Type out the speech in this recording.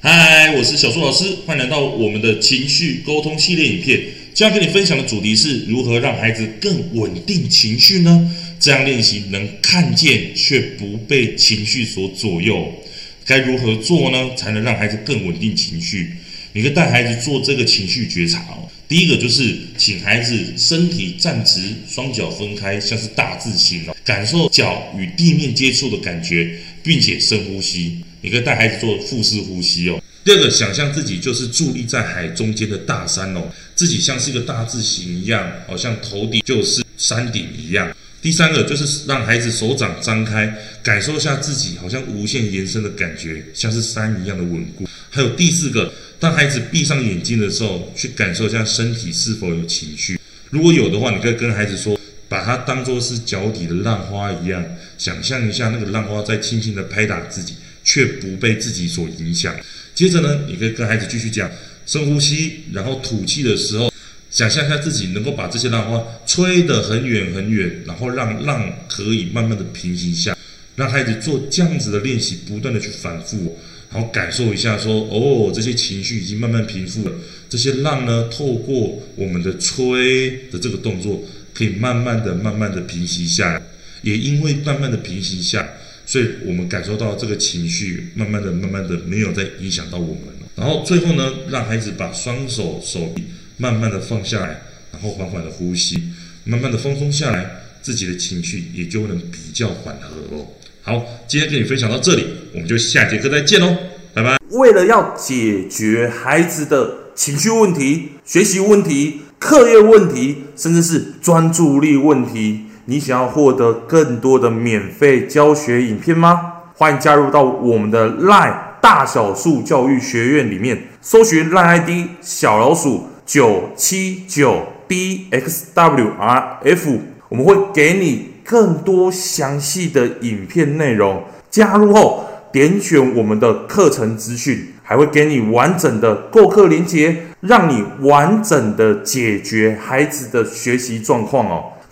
嗨，Hi, 我是小樹老師，歡迎來到我們的情緒溝通系列影片。今天要跟你分享的主題是如何讓孩子更穩定情緒呢？這樣練習能看見卻不被情緒所左右，該如何做呢？才能讓孩子更穩定情緒？你可以帶孩子做這個情緒覺察哦。第一個就是請孩子身體站直，雙腳分開，像是大字型哦，感受腳與地面接觸的感覺，並且深呼吸。你可以帶孩子做腹式呼吸哦。第二個，想象自己就是佇立在海中間的大山哦，自己像是一個大字形一樣，好像頭頂就是山頂一樣。第三個，就是讓孩子手掌張開，感受一下自己好像無限延伸的感覺，像是山一樣的穩固。還有第四個，當孩子閉上眼睛的時候，去感受一下身體是否有情緒，如果有的話，你可以跟孩子說，把它當做是腳底的浪花一樣，想象一下那個浪花在輕輕地拍打自己。卻不被自己所影響。接着呢，你可以跟孩子繼續講：深呼吸，然後吐氣的時候，想象一下自己能夠把這些浪花吹得很遠很遠，然後讓浪可以慢慢的平息下。讓孩子做這樣子的練習，不斷的去反覆，然後感受一下說，說哦，這些情緒已經慢慢平復了，這些浪呢，透過我們的吹的這個動作，可以慢慢的、慢慢的平息下來，也因為慢慢的平息下。所以我們感受到這個情緒慢慢的、慢慢的沒有再影響到我們了。然後最後呢，讓孩子把雙手手臂慢慢的放下來，然後緩緩的呼吸，慢慢的放鬆下來，自己的情緒也就能比較緩和嘍。好，今天跟你分享到這裡，我們就下節課再見嘍，拜拜。為了要解決孩子的情緒問題、學習問題、課業問題，甚至是專注力問題。你想要獲得更多的免費教學影片嗎？歡迎加入到我們的 LINE 大小樹教育學院裡面，搜尋 LINE ID 小老鼠九七九 DXWRF，我們會給你更多詳細的影片內容。加入後，點選我們的課程資訊，還會給你完整的購課鏈接，讓你完整的解決孩子的學習狀況哦。